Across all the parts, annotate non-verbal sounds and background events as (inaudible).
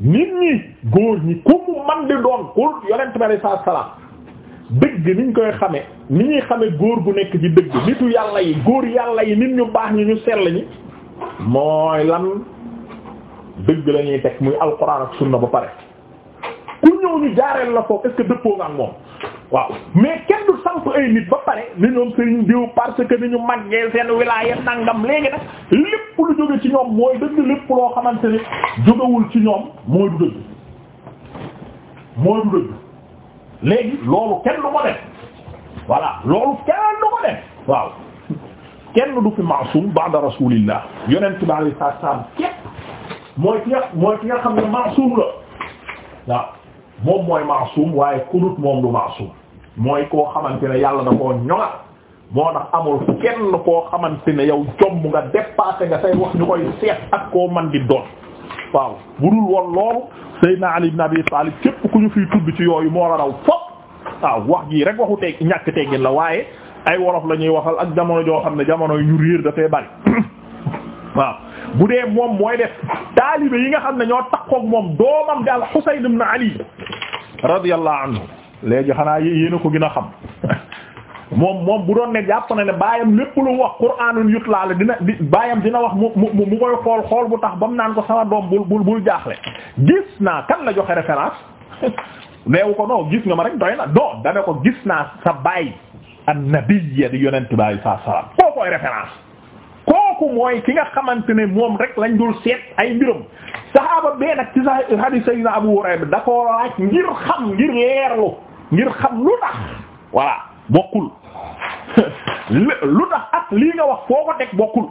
nit ñi góor ñi ku mu man di doon ku yonent bi alay salaam dëgg niñ koy xame ni ñuy xame góor gu nekk ci dëgg nitu yàlla yi góor yàlla yi nit ñu baax ñi ñu sell ñi mooy lan dëgg lañuy teg muy alxuraan ak sunna ba pare ku ñëw ñu jaareel la foofu est dëppoo nga moom waaw mais kenn du samp ay nit ba pare ni ñoom sëriñ diw parce que ni ñu màggee seen wilaaya nangam léegi nag lépp lu jóge ci ñoom mooy dëgg lépp loo xamante ni jógewul ci ñoom mooy du dëgg mooy du dëgg léegi loolu kenn du ko def voilà loolu kenn du ko def waaw kenn du fi maasum ba'da rasulillah yonent bi alayhi salaam képp mooy ki nga mooy ki nga xam ne maasum la waaw moom mooy maasum waaye kudut moom du maasum mooy koo xamante ne yàlla da koo ñoŋal moo tax amul kenn koo xamante ne yow jomb nga dépassé nga say wax ñu koy seet ak koo man di doon waaw bu dul woon loolu Seydina Ali ibn Abi Talib képp ku ñu fi tudd ci yooyu moo la raw fopp waaw wax jii rek waxu teg ñàkk teggin la waaye ay wolof la ñuy waxal ak jamono joo xam ne jamono yu ñu réer dafay bari (coughs) waaw bu dee moom mooy def taalibe yi nga xam ne ñoo takkook moom doomam di al Husayn ibn Ali radiyallahu anhu léegi xanaa yéen a ko gën a xam (laughs) moom moom bu doon ne jàpp na ne baayam lépp lu wax qur'aanun yutla la dina di baayam dina wax mu mu mu koy xool xool bu tax ba mu naan ko sama doom bul bul bul jaaxle gis naa kan la joxe référence (laughs) neewu ko non gis nga ma rek doy na non dane ko gis naa sa baay an nabiyya di yonent baay saa salaam koo koy référence kooku mooy ki nga xamante ne moom rek lañ dul seet ay mbiram saxaaba bee nag ci sa hadith sayyidina Abu Hurayra da koo laaj ngir xam ngir leerlu ngir xam lu tax voilà bokkul (laughs) lu tax ak lii nga wax foo ko teg bokkul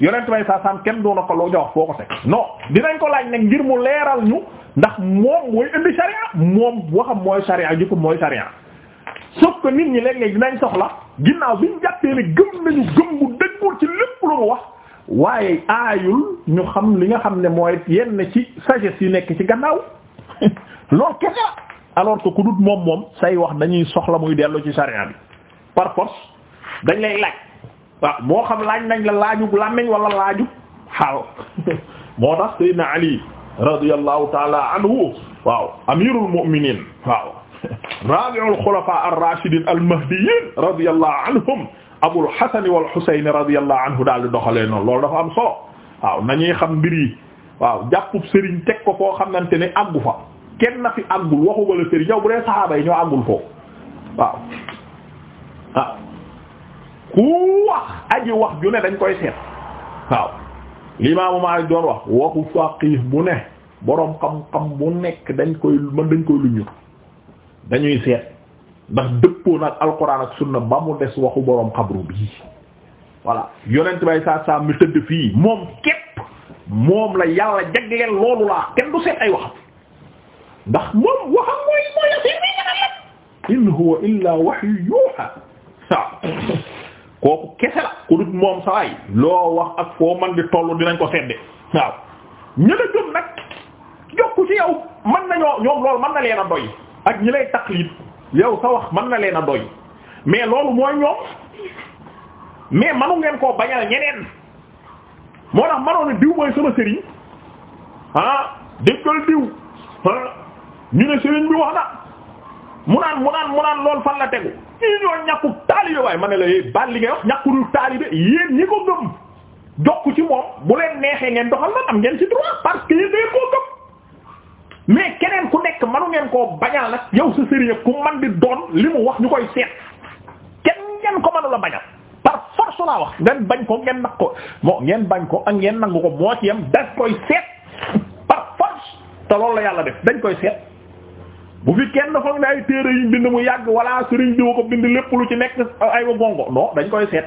yonent bay saa saam kenn doona ko loo nga wax foo ko teg non dinañ ko laaj nag ngir mu leeral ñu ndax moom mooy indi sharia moom waxam mooy sharia jëppam mooy sharia sauf que nit ñi léeg-léeg dinañ soxla ginnaaw biñ jàppee ne gëm nañu gëm bu lu mu wax waaye aayul ñu xam li nga xam ne mooy yenn ci sagesse yu nekk ci gannaaw (laughs) loolu kese la ku dut moom moom say wax dañuy soxla muy dellu ci sharia bi par force dañ lay laaj moo xam laaj nañ la laajub làmmiñ wala laajub xaal (laughs) moo tax Seydina Ali radiyallahu taala anhu waaw amirul mu'minin waaw (laughs) rabi'ul khulafa rashidin al-mahdiyyin radiyallahu anhum abul xasani wal xusayni radiyallahu anhu daal di doxalee noonu loolu dafa am solo waaw nañuy xam mbir yi waaw jàppub sëriñ teg ko foo xamante ne àggu fa kenn na fi àggul waxu wala sëriñ yow bu dee saxaaba yi ñoo àggul foofu waaw waaw ah. wax aji wax ju ne dañ koy seet waaw limaamu Maalik doon wax waxu faqiih bu ne boroom xam-xam bu nekk dañ koy man dañ koy luñu dañuy seet ndax dëppoo nag alquran ak sunna ba mu des waxu boroom xabru bii voilà yonent bay saa saa mi tëdd fii moom képp moom la yàlla jagleel loolu laa kenn du seet ay waxam ndax moom la wax ak foo man di tollu dinañ ko sedde waaw ñi la gëm nag jokku ci yow man nañoo ñoom loolu man na leen a doy ak ñi lay taqlid yow sa wax man na leen a doy mais loolu mooy ñoom mais manu ngeen koo bañal ñeneen moo tax manoon ne diw mooy sama sëriñ ah dëkkal diw ñu ne sëriñ bi wax na mu naan mu naan mu naan loolu fan la tegu ñii ñoo ñàkku taalibe waaye ma ne la yéen eh baal li ngay wax ñàkkul taalibe yéen ñi ko gëm jokk ci moom bu leen neexee ngeen doxal na am ngeen ci droit parce que yéen koo gëm. mais keneen ku nekk manu ngeen koo bañal nag yow sa sëriñ ku man di doon li mu wax ñu koy seet kenn ko manu la bañal par force laa wax ngeen bañ ko ngeen nag ko bon bañ ko ak ngeen nangu ko moo ci yam dañ koy seet par force te loolu la yàlla def dañ koy seet bu fi kenn foog ne ay téere yi bind mu yàgg wala sëriñ diwa ko bind lépp lu ci nekk ay wa gongo non dañ koy seet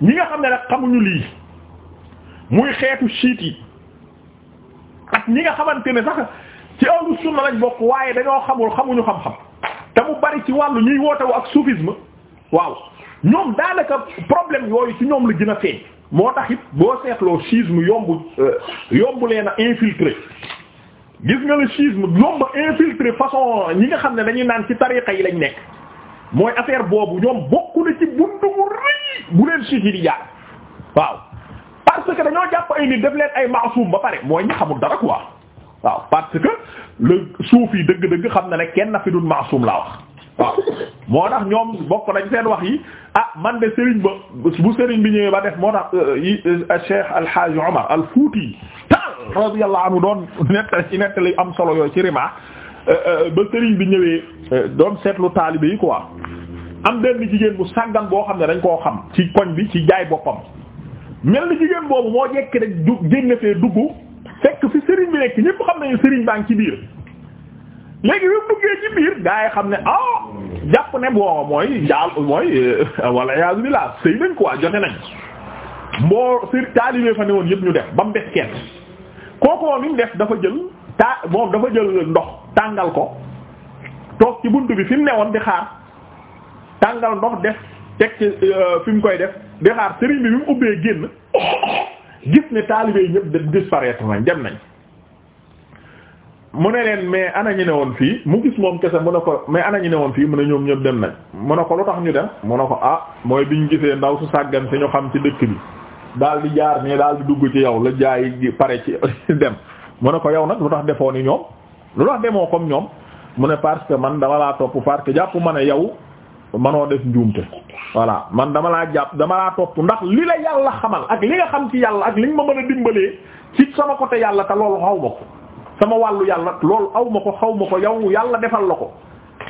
ñi nga xam ne nag xamuñu lii muy xeetu siit yi ak ñi nga xamante ne sax ci ahlu sunna lañ bokk waaye dañoo xamul xamuñu xam-xam te mu bari ci wàllu ñuy wootewu ak soufisme waaw ñoom daanaka problème yooyu ci ñoom la jina a moo tax it boo seetloo schisme yombu euh, yomb leen a infiltrer gis nga le schisme yomb a infiltrer façon ñi nga xam ne dañuy naan ci tariqa yi lañ nekk mooy affaire boobu ñoom bokku na ci buntu bu rëy bu leen siit yi di jaar waaw parce que dañoo jàpp ay nit def leen ay maasum ba pare mooy ñi xamul dara quoi. waaw parce que le suuf yi dëgg-dëgg xam na ne kenn na fi dul laa wax waaw moo tax ñoom bokk nañ seen wax yi ah man de sëriñ ba bu Serigne bi ñëwee ba def moo tax euh, euh, Cheikh Al Hadj Omar Al Fouti Tall radiyallahu anhu doon nettali ci nettali am solo yooyu ci rima euh, ba Serigne bi ñëwee doon seetlu taalibe yi quoi am benn jigéen bu sàggan boo xam ne dañ koo xam ci koñ bi ci jaay boppam mel ni jigéen boobu moo jekki rek génne fee dugg. fekk fi sëriñ bi nekk ñépp xam nañu sëriñ baa ci biir léegi bi mu duggee ci biir gaa xam ne ah jàpp ne boo mooy jaal mooy euh, (laughs) wala yaasu bi laa sëy nañ quoi jote nañ mboo sër taalibee fa ne woon yëpp ñu def ba mu des kenn kooku moom mu def dafa jël taa moom dafa jël ndox tàngal ko toog ci bunt bi fi mu newoon di xaar tàngal ndox def teg ci euh, fi koy def di xaar sëriñ bi bi mu ubbee génn gis ne taalibe yi ñëpp dem disparaître nañ dem nañ mu ne leen mais ana ñu ne woon fii mu gis moom kese mu ne ko mais ana ñu ne woon fii mu ne ñoom ñëpp dem nañ mu ne ko lu tax ñu dem mu ne ko ah mooy biñ gisee ndaw su sàggan si ñu xam ci dëkk bi daal di jaar ne daal di dugg ci yow la jaay pare ci (laughs) dem mu ne ko yow nag lu tax defoo ni ñoom lu tax demoo comme ñoom mu ne parce que man dama laa topp parce que jàpp ma ne yow manoo def njuumte voilà man dama laa jàpp dama laa topp ndax li la yàlla xamal ak li nga xam ci yàlla ak li nga ma mën a dimbalee ci sama côté yàlla te loolu xaw ko sama wàllu yàlla loolu aw ma ko xaw ma ko yow yàlla defal la ko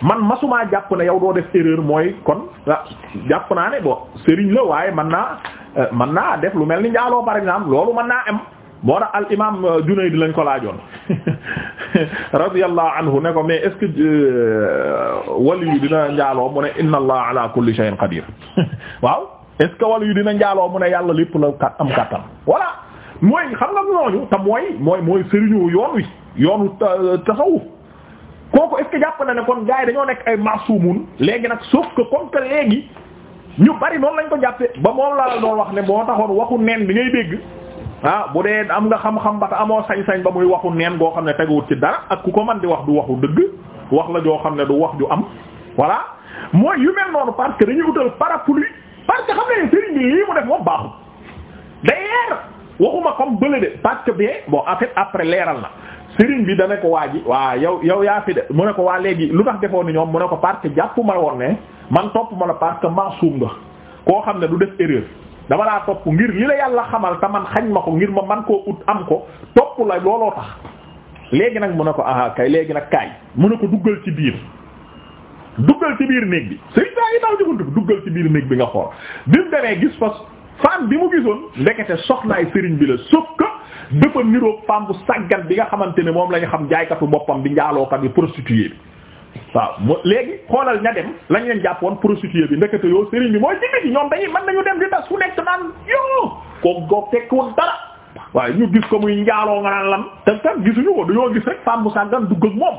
man masumaa jàpp na yow doo def erreur mooy kon ah jàpp naa ne bon sëriñ la waaye man naa eh, man naa def lu mel ni njaaloo par exemple loolu man naa am moo tax al imam euh, Junayd lañ ko laajoon (laughs) (laughs) radiyallahu anhu ne ko mais est euh, njaaloo mu ne inna allah ala kulli shay'in qadir (laughs) waaw est-ce que wali yu dina njaaloo mu ne yàlla lépp la am kattan voilà mooy xam nga ñooñu te mooy mooy mooy sëriñu yoon wi yoonu tasawuf kooku est-ce ne kon gars yi dañoo nekk ay masumun léegi nag sauf que comme ñu bari noonu lañ ko jàppe ba moom la la wax ne boo taxoon waxu neen bi ngay dégg ah bu dee am nga xam-xam ba te amoo sañ-sañ ba muy waxu neen goo xam ne teguwut ci dara ak ku ko man di wax du waxu dëgg wax la joo xam ne du wax ju am voilà mooy yu mel noonu parce que dañuy utal parapluie parce que xam nga ne sëriñ bi lii mu après leeral na sëriñ bi dana ko waa ji waa yow yow yaa fi de mu ne ko waa léegi lu tax defoon ni ñoom mu ne ko parce que jàpp ma woon ne man topp ma la parce que maasum nga koo xam ne du def erreur dama laa topp ngir li la yàlla xamal te man xañ ma ko ngir ma man koo ut am ko topp la looloo tax léegi nag mu ne ko aha kay léegi nag kaay mu ne ko duggal ci biir duggal ci biir néeg bi sëy duggal biir néeg bi nga xool bi mu demee gis fa femme bi mu gisoon ndekete ay sëriñ bi la sauf que dafa niroog femme bu sàggan bi nga xamante ne moom la ñu xam jaaykatu boppam bi njaalookat bi prostituée bi waaw mu léegi xoolal ña dem lañ leen jàppoon prostituée bi ndekete yoo sëriñ bi mooy jigéen ñi ñoom dañuy mën nañu dem di tas fu nekk naan yoo kooku kooku tekkiwul dara waaye ñu gis ko muy njaaloo nga naan lan te tam gisuñu ko dañoo gis rek femme bu sàggan dugg ak moom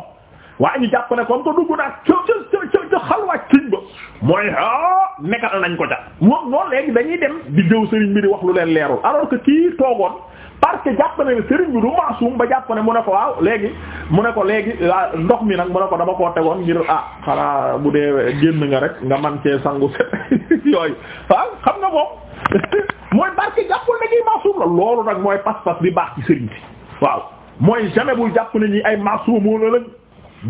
waaye ñu jàpp ne comme que dugg naag ca ca ca ca xalwaaj kiñ ba mooy ah nekkal nañ ko ca moom noonu léegi dañuy dem di jëw sëriñ bi di wax lu leen leerul alors que kii toogoon. parce que jàpp na ne sëriñ bi du maasum ba jàpp ne mu ne ko waaw léegi mu ne ko léegi ndox mi nag mu ne ko dama koo tegoon ngir ah xanaa bu dee génn nga rek nga man cee sangu set (laughs) yooyu waaw xam nga moom (laughs) mooy parce jàppul ne ñuy maasum la loolu nag mooy pas-pas bi baax ci sëriñ bi waaw mooy jamais bul jàpp ne ñi ay maasumoo la lañ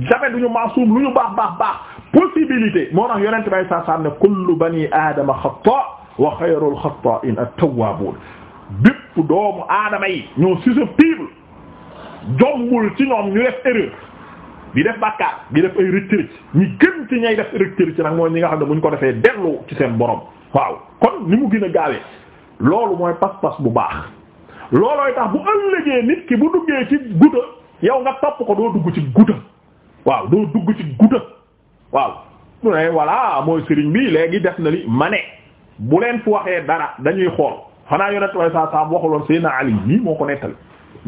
jamais duñu maasum lu ñu baax baax baax possibilité moo tax yonent bay saa saa ne kullu bani aadama xatta wa xayrul xatta'in at bépp doomu aadama yi ñoo susceptible jombul ci ñoom ñu def erreur di def bàkkaar di def ay rëccërëc ñi gën ci ñay def rëccërëc nag mooy ñi nga xam ne bu ñu ko defee dellu ci seen borom waaw kon ni mu gën a gaawee loolu mooy pas-pas bu baax loolooy tax bu ëllëgee nit ki bu duggee ci guta yow nga topp ko doo dugg ci guta waaw doo dugg ci guta waaw mu ne voilà mooy sëriñ bi léegi def na li ma ne bu leen fu waxee dara dañuy xool xanaa yonent way saa saam waxuloon Seydina Ali nii moo ko nettali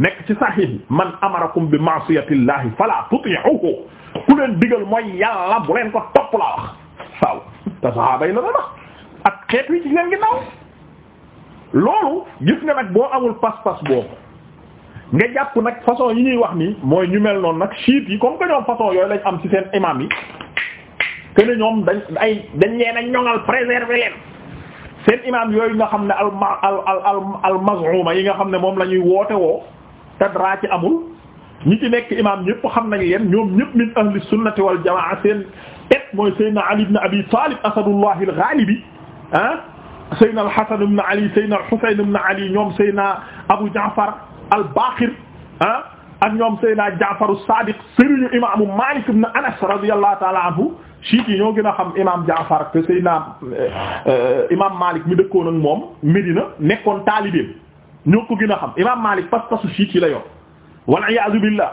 nekk ci sahih man amarakum bi ma'siyatillahi fala tuti'uhu ku leen digal mooy yàlla bu leen ko topp laa wax waaw te sahaaba yi la doon wax ak xeet wi ci leen ginnaaw loolu gis nga nag boo amul pas-pas boobu nga jàpp nag façon yi ñuy wax ni mooy ñu mel noon nag chiites yi comme que ñoom façon yooyu lañ am ci seen imam yi que ne ñoom dañ ay dañ leen a ñoŋal préserver leen seen imaam yooyu nga xam ne al al al al mazuma yi nga xam ne moom la ñuy woote woo amul ñi ci nekk imaam ñëpp xam nañu yéen ñoom ñëpp min ahli sunnati wal jamaa seen et mooy Seydina Ali ibn Abi Talib asadullahi al-ghalibi ah Seydina al-Hasan ibn Ali Seydina al-Husayn ibn Ali ñoom Seydina Abu Ja'far al-Baqir ah ak ñoom Seydina Ja'far as-Sadiq sëriñu imaamu Malik ibn Anas radiyallahu ta'ala anhu chiites yi ñoo gën a xam imaam Jaafar que Seydina eh, imaam Malik mi dëkkoon ak moom Medina nekkoon taalibeem ñoo ko gën a xam imaam Malik pas-pasu chiites yi la yor wal iyaazu billah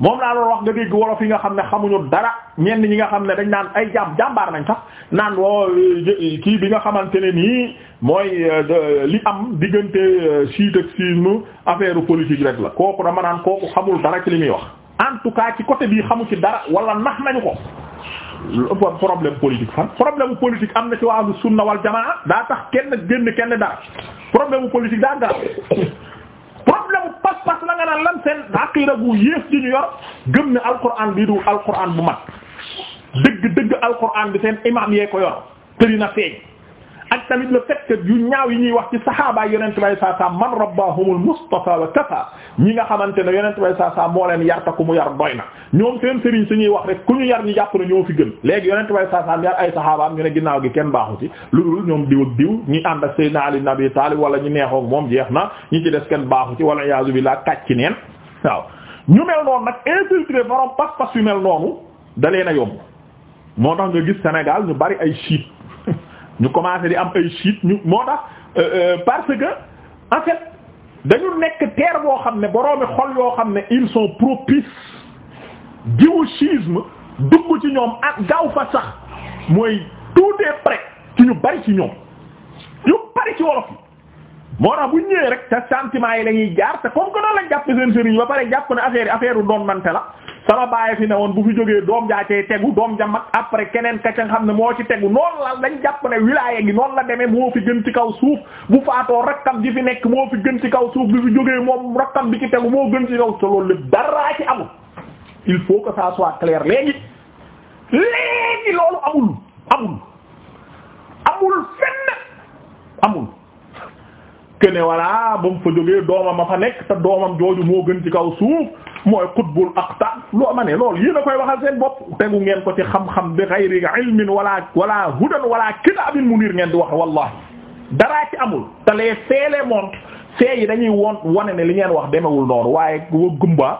moom laa nga dégg wolof yi nga xam ne xamuñu dara ñenn ñi nga xam ne dañ naan ay jàmm jàmbaar nañ sax naan woo oh, kii bi nga xamante ne nii mooy euh, li am diggante euh, chiite ak sunnisme affaire politique rek la kooku dama naan kooku xamul dara ci li muy wax en tout cas ci côté bii xamu ci dara wala nax nañu ko lu ëppoon problème politique fan problème politique am na ci waa sunna wal jamaa daa tax kenn génn kenn dara problème politique daa dara problème pas-pas la nga naan lan seen aqiida gu yées di ñu yor gëm ne alquran bi du alquran bu mat dëgg dëgg alquran bi seen imam yee ko yor tëri na feeñ ak tamit le fait yu ñaaw yi ñuy wax ci saxaabaay yonent bay saa saa man rabbahumul mustafa wa kafa ñi nga xamante ne yonent bay saa saa moo leen yar ta ku mu yar doy na ñoom seen sëriñ su ñuy wax rek ku ñu yar ñu jàpp ne ñoo fi gën léegi yonent bay saa saa yar ay saxaabaam ñu ne ginnaaw gi kenn baaxu ci lu dul ñoom diw ak diw ñi ànd ak Seydina Ali ibn Abi Talib wala ñu neexook moom jeex na ñi ci des kenn baaxu ci wala iyaazu billah kàcc neen waaw ñu mel noonu nag infiltré borom pas-pas da leen a yomb moo tax nga gis ñu bari ay chiite ñu commencé di am ay siit ñu moo tax euh, euh, parce que en fait dañu nekk terre boo xam ne boroomi xol yoo xam ne il sont propices jiwu schisme dugg ci ñoom ak gaaw fa sax mooy tout est prêt ci ñu bari ci ñoom ñu bari ci wolof yi moo tax bu ñëwee rek te sentiment yi la jaar te comme que noonu lañ jàpp seen sëriñ ba pare jàpp na affaire affaire u doon mante la sama baay fi ne woon bu fi jógee doom jaa cay tegu doom ja mag après keneen ka ca xam ne moo ci tegu noonu la dañ jàpp ne wilaya gi noonu la demee moo fi gën ci kaw suuf bu faatoo rakkam gi fi nekk moo fi gën ci kaw suuf bu fi jógee moom rakkam bi ci tegu moo gën ci kaw te loolu lépp daraa ci amul il faut que ça soit loolu amul amul amul fenn amul kene voilà ba mu fa doomam a moo gën ci kaw suuf mooy qutbul aqta loo ma ne loolu yéen a koy waxal seen bopp tegu ngeen ko ci xam-xam bi ghayri ilmin wala wala hudan wala kitaabin munir ngeen di wax wallahi daraa ci amul te les feelee moom fee yi dañuy won wane ne li ngeen wax demewul noonu waaye gumba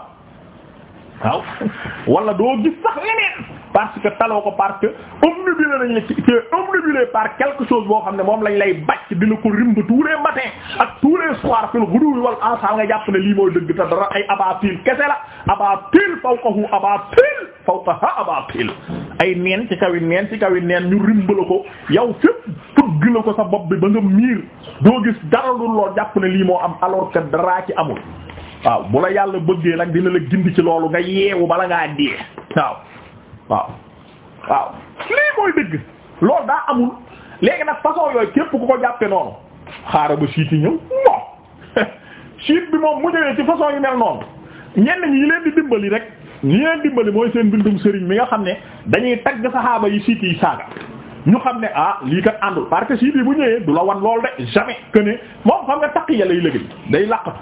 waaw (laughs) wala doo sax leneen parce que taloo ko parce que omnibulé nañ la ci omnibulé par quelque chose boo xam ne moom lañ lay bàcc di la ko rimb tous les matins ak tous les soirs fil ghudu wal asal nga jàpp ne lii mooy dëgg ta dara ay abatil kese la abatil fawqahu abatil fawqaha abatil ay neen ci kawi neen ci kawi neen ñu rimb la ko yow fépp fëgg la ko sa bopp bi ba nga miir doo gis dara lu lool jàpp ne lii moo am alors que daraa ci amul waaw bu la yàlla bëggee nag dina la gindi ci loolu nga yeewu bala ngaa dee waaw waaw waaw lii mooy dëgg loolu daa amul léegi nag façon yooyu képp ku ko jàppe noonu xaaral ba siit yi ñëw non (laughs) siit bi moom mu ñëwee ci façon yi mel noonu ñenn ñi leen di dimbali rek ñi leen dimbali mooy seen bindum sëriñ mi nga xam ne dañuy tagg saxaaba yi siit yi saaga ñu xam ne ah lii kat àndul parce que si bi bu ñëwee du la wan lool de jamais que ne moom xam nga taqiya lay lëgëy day làqatu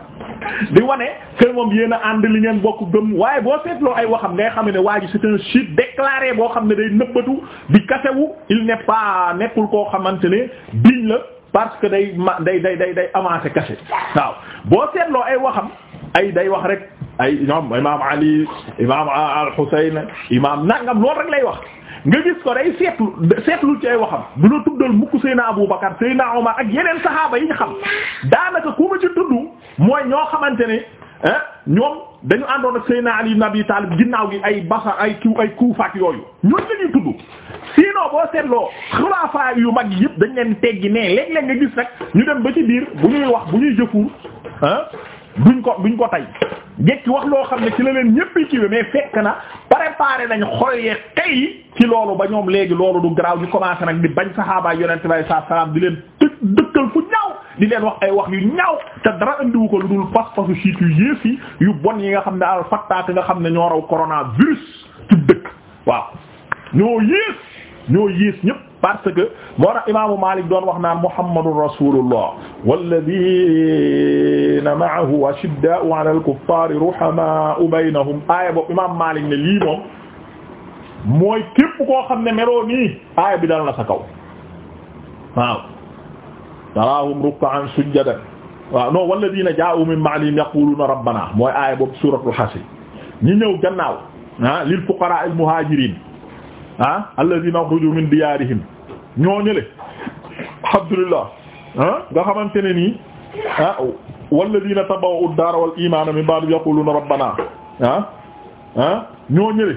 di wane que moom yéen a ànd li ngeen bokk gëm waaye boo seetloo ay waxam ngay xam ne waa ji c'est un chiite déclaré boo xam ne day nëbbatu bi kasewu il n'est pas nekkul koo xamante ne biñ la parce que day ma day day day day avancé kase waaw boo seetloo ay waxam ay day wax rek ay ñoom imaam Ali imaam al Husayn imaam nangam loolu lay wax. nga gis ko day seetlu seetlu ci ay waxam du la tuddal mukk Seyna Abu Bakar Seyna Omar ak yeneen saxaaba yi ñu xam daanaka ku ma ci tudd mooy ñoo xamante ne ñoom dañu àndoon ak Seyna Ali ibn Abi Talib ginnaaw gi ay Basra ay kiw ay Kufa yooyu ñooñu lañuy tudd sinon boo seetloo xulafaa yu mag yëpp dañ leen teggi ne léeg-léeg nga gis nag ñu dem ba ci biir bu ñuy wax bu ñuy jëfuur duñ ko duñ ko tay jekki wax loo xam ne ci la leen ñëpp ci mais fekk na préparé nañ xol yee xëy ci loolu ba ñoom léegi loolu du garaaw ñu commencé nag di bañ saxaabaay yonent bi sallallahu alayhi wasallam di leen dëkkal fu ñaaw di leen wax ay wax yu ñaaw te dara andiwu ko lu dul pas-pasu siit yu yées yi yu bon yi nga xam ne al fattaak nga xam ne ñoo raw coronavirus ci dëkk waaw ñoo yées ñoo yiis ñëpp parce que moo tax imaamu Maalik doon wax naan muhammadun rasulullah walladina maahu ashiddaa'u ala alkuffari ruhamaa'u baynahum aaya boobu imaamu Maalik ne lii moom mooy képp koo xam ne meloo nii aaya bi dal na sa kaw waaw taraahum ruk'an sujjadan waaw non walladina jaa'u min ba'dihim yaquluuna rabbana mooy aaya boobu suratul hashr ñi ñëw gannaaw ah lil fuqara al muhajirin ah alladhina ukhruju min diyarihim ñoo ñële alhamdulillah ah nga xamante ne nii ah walladhina tabawwa'u ad-dara wal imana min ba'di yaquluna rabbana ah ah ñoo ñële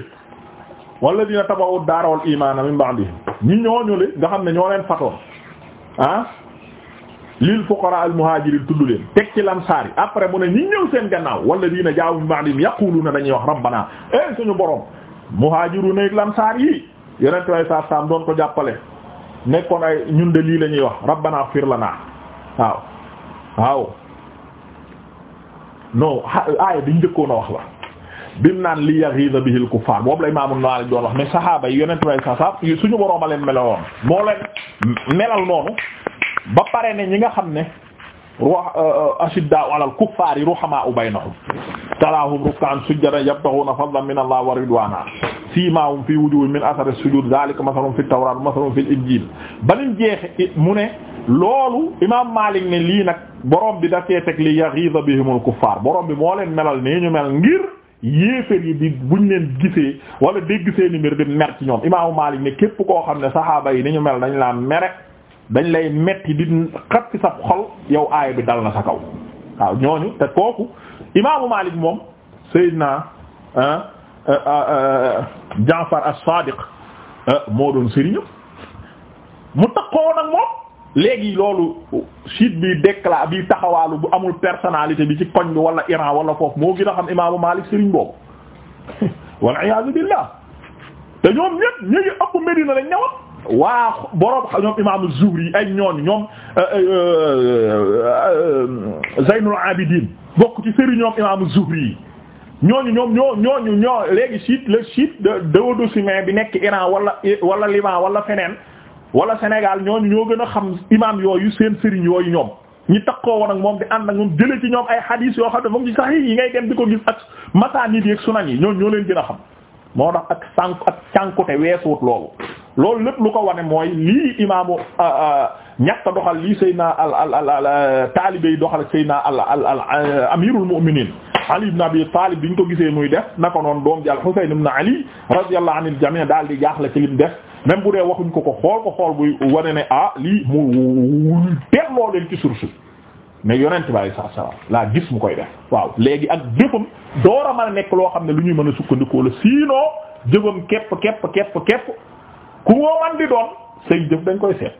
walladhina tabawwa'u ad-dara wal imana min ba'dihim ñi ñoo ñële nga xam ne ñoo leen fatoon ah lil fuqara al muhajirin tudd leen teg ci lamsaar yi après mu ne ñi ñëw seen gannaaw walladina jaawu min ba'dihim yaquluna dañuy wax rabbana eh suñu borom muhajiruna lamsaar yi yonent way saar doon ko jàppale nekkoon ay ñun de lii la ñuy wax rabbana fir lana waaw waaw non aaya bi njëkkoon a wax la bim naan li yaghiza bihil kuffar boobu la Imaam An-Nawawi doon wax mais saxaaba yi yonent way saar saam suñu boroom a leen meloon moo leen melal noonu ba pare ne ñi nga xam ne Euh, euh, ashiddaa'u alal kuffaari ruhamaa'u baynahum taraahum rukkaan sujjadan yabtaghuuna fadlan min allah wa ridwaana siimaahum fii wujuuhihim min athari war dhaalika mathaluhum fit tawraat wa mathaluhum fil injiil banim jeexe mu ne loolu imaam Maalik ne lii nag borom bi dafee teg li yaghiiza bihimul kuffaar borom bi moo leen melal nii ñu mel ngir yéeféer yi di buñ leen gisee wala dégg seeni mbir di mer ci ñoom imaamu Maalik ne képp koo xam ne saxaaba yi ni ñu mel dañ la mere dañ lay metti di xat ci sa xol yow aaya bi dal na sa kaw waaw ñooñu te kooku imaamu Maalik moom Seydina ah, ah, ah, Jaafar as-Saadiq moo doon sëriñam mu taxawoon ak moom léegi loolu siit bi décla bi taxawaalu bu amul personnalité bi ci koñ bi wala Iran wala foofu moo gën a xam imaamu Maalik sëriñ boobu (laughs) wal iyaazu billaah te ñoom ñépp ñu ngi ëpp Medina lañ ñëwaat. waa borom ñoom imaamu Zuhri ay ñoon ñoom euh, euh, euh, Zaynul Abidin bokk ci sëriñ ñoom imaamu Zuhri yi ñooñu ñoom ñoo ñooñu ñoo léegi chiite le chiite de duodécimain bi nekk Iran wala wala Liban wala feneen wala Sénégal ñooñu ñoo gën a xam imaam yooyu seen sëriñ yooyu ñoom ñi takkoo woon ak moom di ànd ak moom jële ci ñoom ay hadith yoo xam ne moom ci sax yi ngay dem di ko gis ak masaanid yi ak sunan yi ñooñu ñoo leen gën a xam moo tax ak sànk ak cànkute weesuut loolu loolu lépp lu ko wane mooy lii imaamu ñàkk a doxal lii Seydina al al al taalibe yi doxal Seydina al al al amirul mu'minin Ali ibn Abi Talib bi ñu ko gisee muy def naka noon doom ji al-Husayn ibn Ali radiyallahu anil jami' daal di jaaxle ci lim def même bu dee waxuñ ko ko xool ko xool buy wane ne ah lii mu delloo leen ci source mais yonent bi sallallahu alayhi laa gis mu koy def waaw léegi ak defam door a a nekk loo xam ne lu ñuy mën a sukkandikoo la sinon jëfam képp képp képp képp ku moo man di doon say jëf dañ koy seet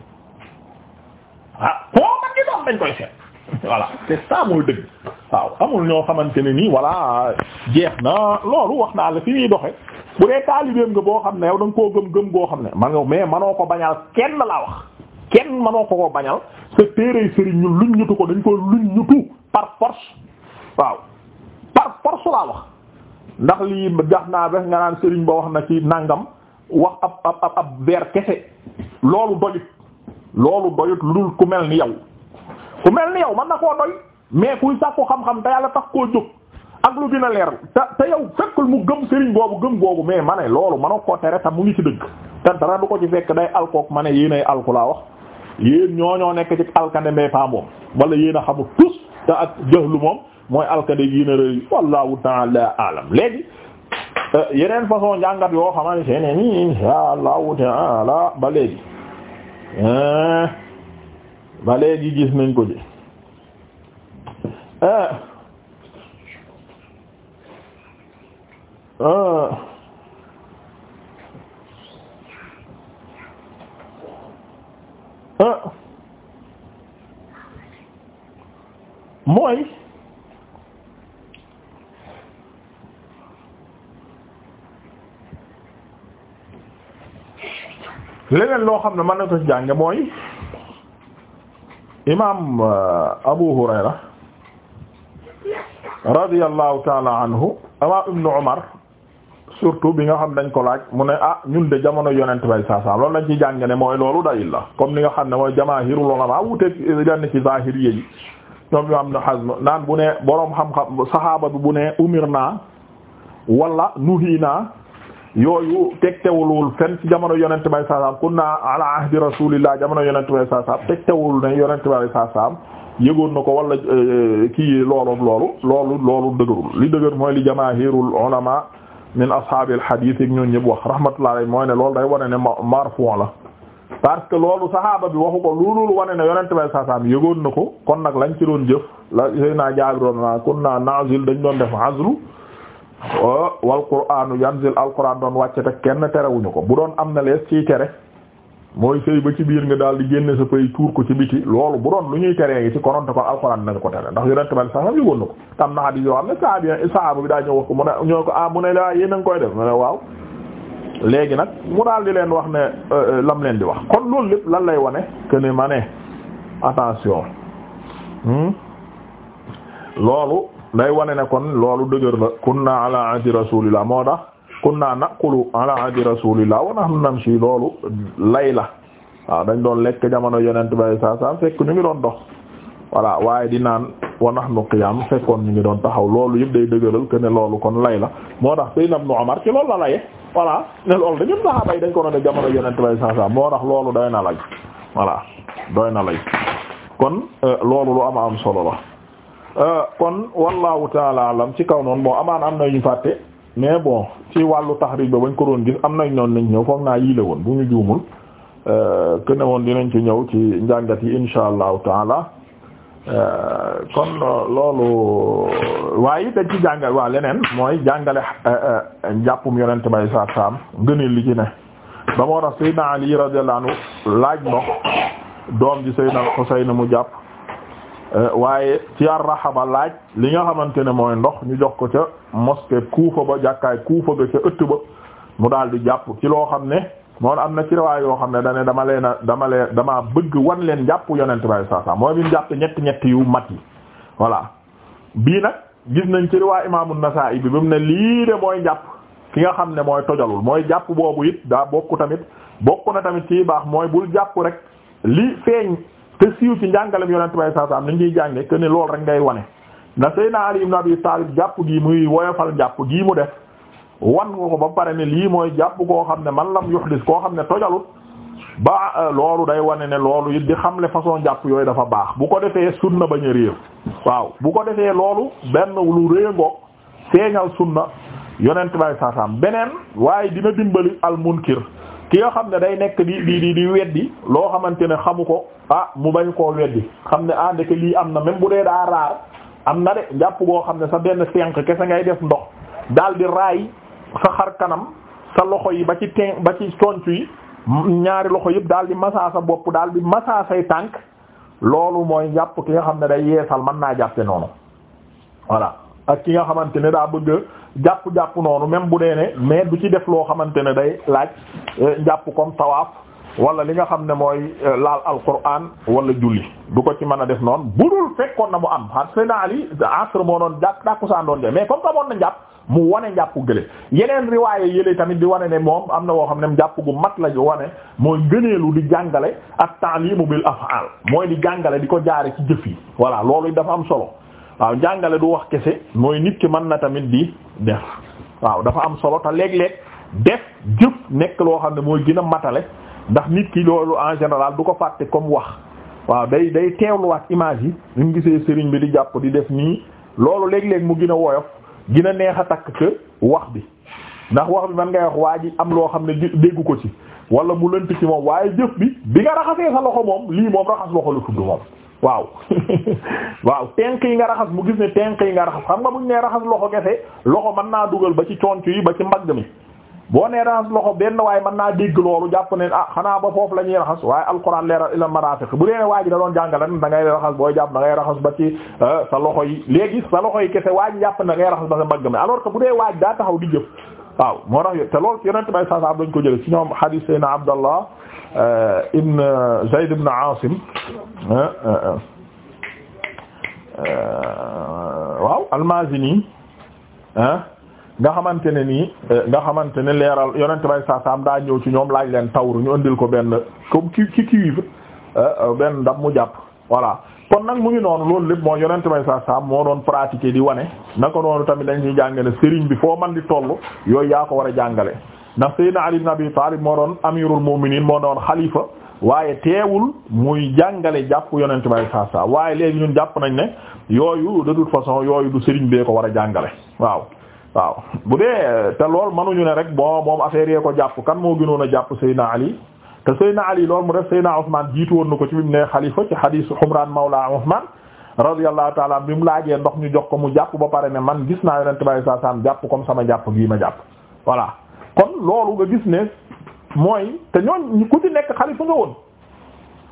ah koo man di doon dañ koy seet (laughs) voilà te ça mooy dëgg waaw amul ñoo xamante ne nii voilà jeex na loolu wax naa la fi ñuy doxe bu dee taalibeem nga boo xam ne yow da koo gëm gëm goo xam ne man nga mais manoo ko bañal kenn laa wax kenn manoo ko ko bañal sa téere sëriñ ñu luñ ñutu ko dañ ko luñ ñutu par force waaw par force laa wax ndax lii jax naa ba nga naan sëriñ ba wax na ci nangam wax ab ab ab ver kese loolu doyut loolu doyut lu dul ku mel ni yow ku mel ni yow mën na koo doy mais kuy sàkku xam-xam te yàlla tax koo jóg ak lu dina leer te te yow fekkul mu gëm sëriñ boobu gëm boobu mais ma ne loolu mënoo koo tere te mu ngi ci dëgg te dara du ko ci fekk day alkook ma ne yéenay alku laa wax yéen ñoo ñoo nekk ci alkande mais pas moom wala yéen a xamul tous te moom mooy alkade yi na rëy wallahu ta'ala alam léegi euh, yeneen façon njàngat yoo xamante ne ni insha allahu ta'ala ba léegi ba léegi gis nañ ko ji euh, euh, mooy leneen loo xam ne man na ko jànge mooy imaam euh, Abu Hurayra radiyallahu taala anhu imaam Ibnu Umar surtout bi nga xam dañ ko laaj mu ne ah ñun de jamono yonent bay saasaam loolu lañ ci jàng ne mooy loolu dalil la comme li nga xam ne mooy jamaahirul ulama wute lenn ci zahiriyya yi ñoom ñoo am na Hazm naan bu ne boroom xam-xam saxaaba bi bu ne umirna wala nuhina yooyu tegtewulul fenn ci jamono yonent bay saasaam kunna ala ahdi rasulillah jamono yonent bay saasaam tegtewul ne yonent bay saasaam yëgoon na ko wala euh, kii loolu loolu loolu loolu dëgërul li dëgër mooy li jamaahirul ulama min ashaabil hadith ak ñun ñëpp wax rahmatullah alayhi mooy ne loolu day wane ne marfu la parce que loolu saxaaba bi waxu ko loolu wane ne yonent bay saasaam yëgoon na ko kon nag lañ ci doon jëf la naa jaabir doon naa kunna nazil dañ doon def azlu Oh, wal qur'anu yanzil al qur'an doon wàcce te kenn terewuñu ko bu doon am na lees ciy tere mooy sëy ba ci biir nga daal di génne sa fay tuur ko ci biti loolu bu doon lu ñuy teree ngi ci kononte kon alxuraan nañu ko tere ndax yonent bal sax yëgoon na ko tam na xadis yoo xam ne bi daa ñëw wax ko mu ne ko ah mu ne la ah, yéen a ngi koy def ne waaw léegi nag mu daal di leen wax ne euh, euh, lam leen di wax kon loolu lépp lan lay wane que ne attention hmm? loolu day wane ne kon loolu dëgër la kunna ala ahdi rasulillah moo tax kunna naqulu ala ahdi rasulillah wa nahnu namshi loolu lay la waaw dañ doon lekk jamono yonent bay saa saa fekk ñu ngi doon dox voilà waaye di naan wa nahnu qiyaam fekkoon ñu ngi doon taxaw loolu yëpp day dëgëral que ne loolu kon lay la moo tax Sayyidna Ibnu Umar ci loolu la laye voilà ne loolu dañu saxaaba yi dañ ko doon ne jamono yonent bay saa moo tax loolu doy na lay voilà doy na lay kon euh, loolu lu am am solo la Euh, kon wallahu taala alam ci kaw noonu bon amaan am na ñu fàtte mais bon ci wàllu taxrij ba bañ ko doon gis am nañ noonu nañ ñëw foog naa yii woon bu ñu juumul euh, que ne woon dinañ ci ñëw ci njàngat yi insha allahu taala euh, kon loolu waaye dañ ci jàngal waa leneen mooy jàngale njàppum yonent bay saa saam ngëneel li ci ne ba moo tax Seydina Ali radiyallahu laaj ndox doom ji Seydina Husayn mu jàpp Euh, waaye ci arrahama laaj li nga xamante ne mooy ndox ñu jox ko ca mosket kuufa ba jàkkaay kuufa ga ca ëtt ba mu daal di jàpp ki loo xam ne moom am na ci riwaay yoo xam ne dane dama leen a dama leen dama bëgg wan leen jàpp yonent bay saa saa mooy bi mu jàpp ñetti ñetti yu mat yi voilà bii nag gis nañ ci riwaay imaamu Nasaa'i bi ba mu ne lii de mooy jàpp ki nga xam ne mooy tojalul mooy jàpp boobu it daa bokk tamit bokk na tamit ci baax mooy bul jàpp rek li feeñ te siiw ci njàngalem yonent bay saa saam dañ ciy jànge que ne loolu rek ngay wane na Seydina Ali ibn Abi Talib jàpp gii muy woyofal jàpp gii mu def wan nga ko ba pare ni lii mooy jàpp koo xam ne man la lam yuhdis koo xam ne tojalut ba euh, loolu day wane ne loolu it di xamle façon jàpp yooyu dafa baax bu ko defee sunna bañ a réer waaw bu ko defee loolu benn lu réengoog feeñal sunna yonent bay saa saam beneen waaye dina dimbali al munkir ki nga xam ne day nekk di di di di weddi loo xamante ne xamu ko ah mu bañ koo weddi xam ne ah ndeke lii am na même bu dee daa raar am na de njàpp goo xam ne sa benn tenq kese ngay def ndox daal di raay sa xar kanam sa loxo yi ba ci ten ba ci conc yi ñaari loxo yëpp daal di masaa sa bopp daal di masaa say tànk loolu mooy njàpp ki nga xam ne day yeesal man naa jàppe noonu voilà ak ki nga xamante ne daa bëgg jàpp jàpp noonu même bu dee ne mais du ci def loo xamante ne day laaj eh, jàpp comme tawaaf wala li nga xam ne mooy eh, laal alquran wala julli du ko ci mën a def noonu budul fekkoon na mu am xar sénaal yi asr moo doon jàpp tàkkusaan doon jàpp mais comme que na jàpp mu wane jàpp gële yeneen riwaaye yële tamit di wane ne moom am na woo xam ne jàpp gu mat la ñu wane mooy gëneelu di jàngale ak ta'limu bil af'al mooy di jàngale di ko jaare ci jëf yi voilà loolu dafa am solo waaw jàngale du wax kese mooy nit ki man na tamit di def waaw dafa am solo te léeg-léeg def jëf nekk loo xam ne mooy gën matale ndax nit ki loolu en général du ko fàtte comme wax waaw day day teewluwaat image yi ni mu gisee sëriñ bi di jàpp di def nii loolu léeg-léeg mu gën a woyof gën a neex a takk que wax bi ndax wax bi man ngay wax waa ji am loo xam ne déggu ko ci wala mu lënt ci moom waaye jëf bi bi nga raxasee sa loxo moom lii moom raxas loxo la tudd moom waaw (laughs) waaw tenk yi nga raxas mu gis ne tenk yi nga raxas xam nga buñ nee raxas loxo gese loxo man naa dugal ba ci conc yi ba ci mbagg mi boo nee raxas loxo benn waaye man naa dégg loolu jàpp ne ah xanaa ba foofu la ñuy raxas waaye alxuraan leeral ila marafiq bu dee waa ji da doon jàngale da ngay raxas booy jàpp da ngay raxas ba ci euh, sa loxo yi léegi sa loxo yi kese waa ji jàpp ne da ngay raxas ba sa mbagg mi alors que bu dee waa ji daa taxaw di jëf waaw moo tax te loolu ci yonent ko jële ci ñoom hadith sayna Abdallah Euh, ibn Zayd ibn Asim euh, euh, waaw al-Mazini nga xamante ne nii nga xamante ne leeral yonent bay saasaam daa ñëw ci ñoom laaj leen tawru ñu indil ko benn comme ki ci cuivre benn ndab mu jàpp voilà kon nag mu ngi noonu loolu lépp moo yonent bay saasaam moo doon pratiquer di wane naka noonu tamit dañ ciy jàngale sëriñ bi foo man di toll yooyu yaa ko war a jàngale ndax Seydina Ali ibn Abi Talib moo doon amirul mu'minin moo doon xalifa waaye teewul muy jàngale jàpp yonent bay saa saa waaye léegi ñun jàpp nañ ne yooyu de toute façon yooyu du sëriñ bee ko war a jàngale waaw waaw bu dee te lool mënuñu ne rek bon moom affaire yee ko jàpp kan moo gënoon a jàpp Seydina Ali te Seydina Ali loolu mu def Seydina Ousmane jiitu woon na ko ci bi mu ne xalifa ci hadis Humraan mawla Ousmane radiyallahu taala bi mu laajee ndox ñu jox ko mu jàpp ba pare ne man gis naa yonent bay saa jàpp comme sama jàpp gii ma jàpp kon loolu nga gis ne mooy te ñooñ ku ci nekk xalifa nga woon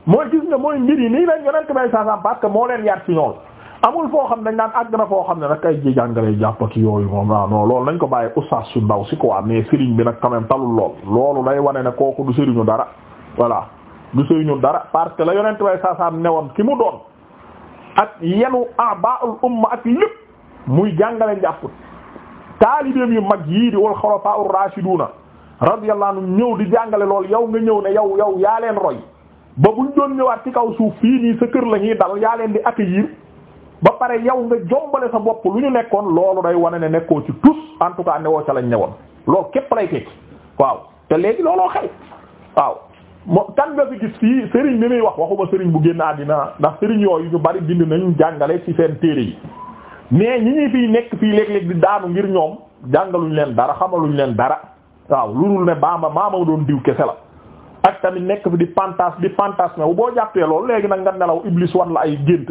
mooy gis nga mooy mbir yi nii lañ yonent bay saasaam parce que moo leen yar ci ñool amul foo xam ne dañ naan àgg na foo xam ne nag ay ji jàngale jàpp ak yooyu moom ah non loolu nañ ko bàyyi oustaz su ndaw si quoi mee sëriñ bi nag quand même talul lool loolu lay wane ne kooku du sëriñu dara voilà du sëriñu dara parce la yonent bay saasaam newoon ki mu doon ak yenu aba'ul umma ak lépp muy jàngale jàpp taalibeem yu mag yii di wal xulafaa ar-raashiduuna radiyallahu anhum ñëw di jàngale lool yow nga ñëw ne yow yow yaa leen roy ba buñ doon ñëwaat ci kaw suuf fii nii sa kër la ñuy dal yaa leen di accueillir ba pare yow nga jombale sa bopp lu ñu nekkoon loolu day wane ne nekkoo ci tous en tout cas newoo ca lañ woon loolu képp lay tekki waaw te léegi looloo xew waaw moo kan nga fi gis fii sëriñ bi muy wax waxuma sëriñ bu génn àddina ndax Serigne yooyu ñu bari bind nañu jàngale ci seen téere mais ñi ñuy fiy nekk fii léeg-léeg di daanu ngir ñoom jàngaluñ leen dara xamaluñ leen dara waaw lu loolu ne baama maama doon diw kese la ak tamit nekk fi di pantas di pantas mais boo jàppee loolu léegi nag nga nelaw iblis wan la ay gént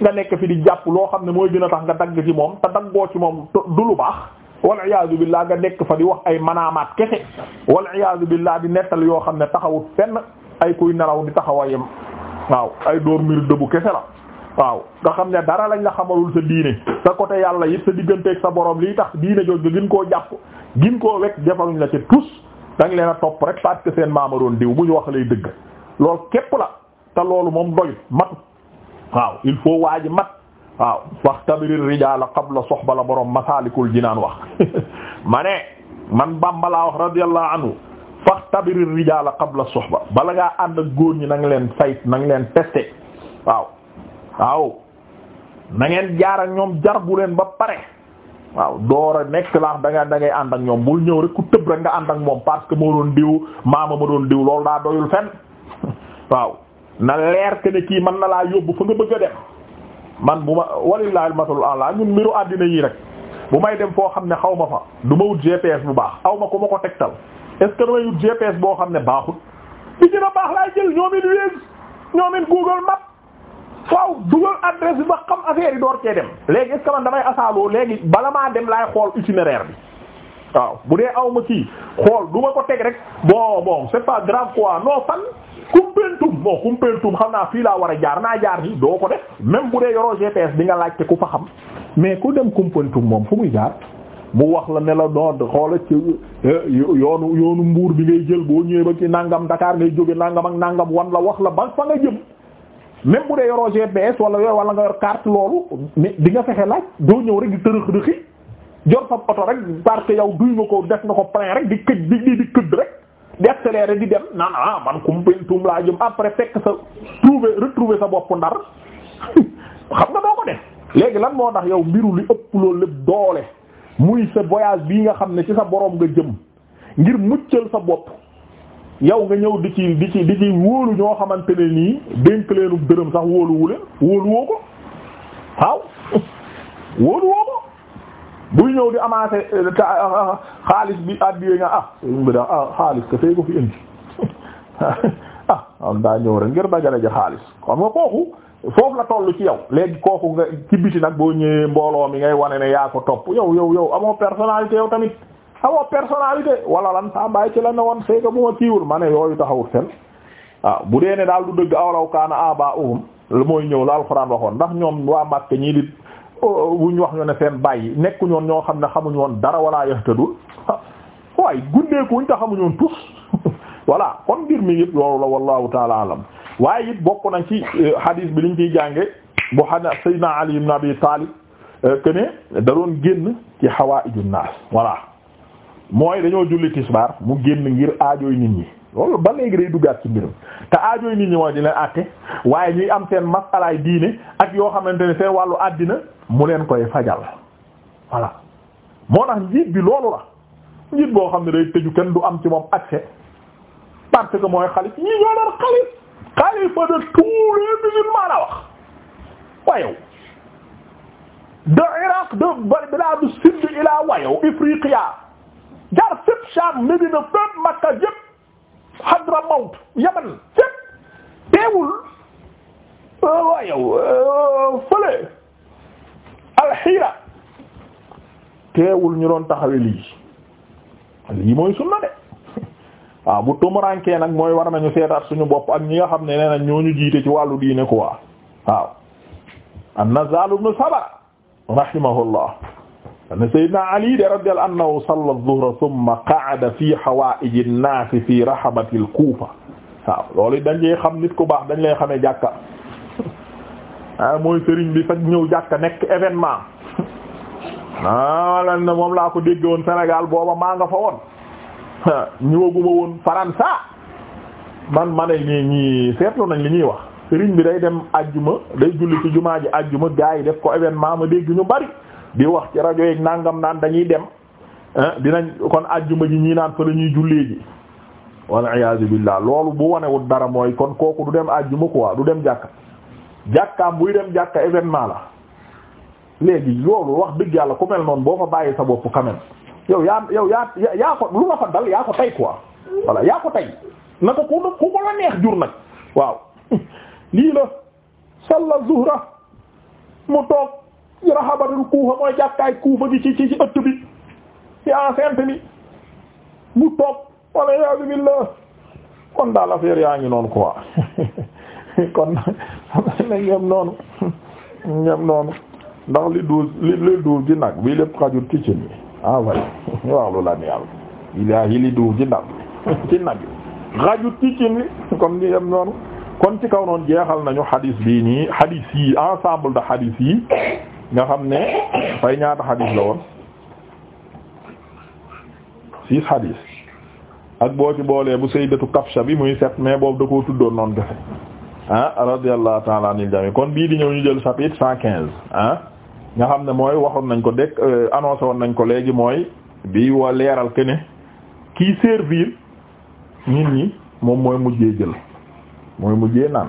nga nekk fi di jàpp loo xam ne mooy gën a tax nga dagg ci moom te daggoo ci moom du lu baax wal iyaazu billaah nga nekk fa di wax ay manaamaat kese wal iyaazu billaah di nettal yoo xam ne taxawut fenn ay kuy nelaw di taxawayam waaw ay dóor mbir dëbu kese la waaw nga xam ne dara lañ la xamalul sa diine sa côté yàlla it sa digganteeg sa borom lii tax diine jooju gin koo jàpp gin koo wekk jafaluñ la ci tus da leen a topp rek parce que seen maama doon diw bu ñu wax lay dëgg loolu képp la te loolu moom doyut mat waaw il faut waa ji mat waaw faxtabiril rijaala qabla soxba la borom masaalikul jinaan wax (laughs) ma ne man bàmbalaa wax radiyallahu anhu faxtabiril rijaala qabla soxba bala ngaa ànd ak góor ñi na nga leen sayt na nga leen testé waaw waaw na ngeen jaar ñoom jar bu leen ba pare waaw door a nekk laax da nga da ànd ak ñoom bul ñëw rek ku tëb rek nga ànd ak moom parce que moo doon diw maama ma doon diw loolu daa doyul fen (laughs) waaw na leer que ne kii mën na laa yóbbu fa nga bëgg a dem man bu ma walillahi masalul ala ñun mbiru àddina yi rek bu may dem foo xam ne xaw ma fa du ma wut GPS bu baax aw ma ku ma ko tegtal est-ce que damay GPS boo xam ne baaxut bi gën baax laay jël ñoomin waaw dugal adresse bi ba xam affaire yi door cee dem léegi est ce que man damay asaaloo léegi bala maa dem laay xool itinéraire bi waaw bu dee aw ma kii xool du ma ko teg rek bon bon c'est pas grave quoi non fan kumpentum bon kumpentum xam naa fii laa war a jaar naa jaar nii doo ko def même bu dee yoroo GPS bi nga laajte ku fa xam mais ku dem kumpentum moom fu muy jaar mu wax la ne la non xoola ci eh, yoonu yoonu mbuur bi ngay jël boo ñëwee ba ci nangam Dakar ngay jóge nangam ak nangam wan la wax la ba fa nga même bu dee yoroo GPS wala yooyu wala nga yor carte loolu di nga fexe laaj doo ñëw rek di tërëx-dëxi jor sa oto rek parce que yow duy nga ko def nga ko plein rek di këj di di këdd rek di accélérer di dem naan ah man Koumpentoum laa jëm après fekk sa trouver retrouver sa bopp ndar (laughs) xam nga doo ko def léegi lan moo tax yow mbiru li ëpp loolu lépp doole muy sa voyage bii nga xam ne ci sa boroom nga jëm ngir muccal sa bopp yow nga ñëw di ci di ci di ci wóolu ñoo xamante ne nii dénk leenu dërëm sax wóolu wule ko waaw (laughs) wóolu ko buy ñëw di amaase eh, xaalis bi addiyee nga ah, ah xaalis ka fee ko fi indi (laughs) ah am ah, daa ñëw rek ngir dajale ji xaalis xam nga kooku foofu la toll ci yow léegi kooku nga ci biti nag boo ñëwee mbooloo mi ngay wane ne yaa ko topp yow yow yow amoo personnalité yow tamit awa personnalité wala lan saa bàyyi ci la ne woon c'est bu ma kiiwul ma ne yooyu taxawul fen waaw ah, bu dee ne daal du dëgg awlaw kaana abaahum lu mooy ñëw la alxuraan waxoon ndax ñoom waa Makka ñii di wuñ oh, wax ñu ne seen bàyyi nekku ñoon ñoo xam ne xamuñ woon dara wala yahtadun waaye gundeekuñ te xamuñ woon tus (laughs) voilà kon mbir mi yëpp loolu la wallahu taala waaye it bokk nañ ci eh, hadith bi liñ ciy jànge bu xana Seydina Ali ibn Abi Talib eh, que génn ci mooy dañoo julli tisbaar mu génn ngir aajooy nit ñi loolu ba léegi day duggaat ci mbirum te aajooy nit ñi mooy dina àtte waaye ñuy am seen masalaay diine ak yoo xamante ne seen wàllu àddina mu leen koy fajal voilà moo tax njiit bi loolu la njiit boo xam ne day tëju kenn du am ci moom accès parce que mooy xalif ñi ñoo doon xalif xalifa de tous les musulmans la wax wayow de Irak de biladu Sud ila wayow Ifriqiya jaar fépp Sham Medina fépp Makka yépp Hadramaut Yaman fépp teewul euh, euh, alxiira teewul ñu doon taxawe lii lii mooy sunna de (laughs) waaw bu tumurankee nag mooy war nañu seetaat suñu bopp ak ñi nga xam ne nee na ñoo ñu jiite ci wàllu diine quoi waaw an-Nazzal ibn Sabra rahimahullah ana sayyidina ali de radiyallahu anhu salla dhuhra thumma qa'ada fi hawa'ij an-nas fi rahabati al-kufa dañ loolu xam nit ku baax dañ lay xam jàkka (laughs) ah mooy sëriñ bi fak ñëw jàkka nekk événement wala (laughs) na moom laa ko dégg woon Sénégal booba maa nga fa woon ñëwaguma woon Faransa man ma ne ñii ñii seetlu li ñuy wax sëriñ bi day dem ajjuma day julli ci jumaa ji ajjuma gaa yi def ko événement ma dégg ñu bari di wax ci rajo yeeg nangam naan dañuy dem dinañ kon àjjuma ji ñii naan fa la ñuy jullee ji walla iyaazu billaah loolu bu wanewul dara mooy kon kooku du dem àjjuma quoi du dem jàkka jàkkaam buy dem jàkka événement la léegi loolu wax dëgg yàlla ku mel noonu boo fa bàyyi sa bopp quand même yow yaa yow yaa yaa ko lu la fa dal yaa ko tay quoi voilà yaa ko tay na ko ku ku ko la neex jur nag waaw (laughs) lii la salla zuhra mu toog ci raxabatul kuufa mooy jàkkaay kuufa gi ci ci ci ëtt bi ci enceinte bi mu toog wala yaa billah kon daal affaire yaa ngi noonu quoi (laughs) kon (laughs) na ngeen noonu ngeen noonu ndax li duus li li duus ji nag bii lépp xajul ci cin bi ah way ñu (laughs) wax lu la ni yàlla ilaahi li duus ji nag ci nag xajul ci cin bi kon ñu noonu kon ci kaw noon jeexal nañu hadis bi nii hadis yi ensemble de hadis yi nga xam ne fay ñaata xadis la woon six xadis ak boo ci boolee bu sayyidatu Kabsha bi muy set mais boobu da koo tuddoon noon defe ah radiyallahu ta'ala anil jami kon bii di ñëw ñu jël chapitre cent quinze ah nga xam ne mooy waxoon nañ ko dégg euh, annoncé woon nañ ko léegi mooy bi wa leeral ke ne kii servir nit ñi moom mooy mujjee jël mooy mujjee naan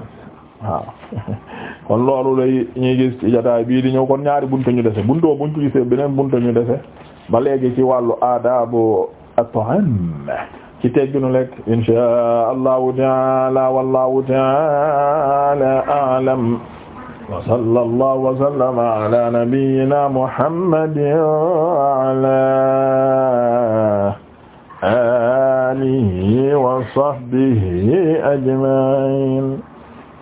waaw (laughs) kon loolu lay ñuy gis ci jotaay bii di ñëw kon ñaari buntu ñu dese buntu buñ ko gisee beneen buntu ñu dese léegi ci wàllu aadaabu at-ta'am ci tegginu lekk insha allahu taala wallahu taala a'lam wa sallallahu wa ala nabiyyina muhammadin wa ala alihi wa sahbihi ajma'in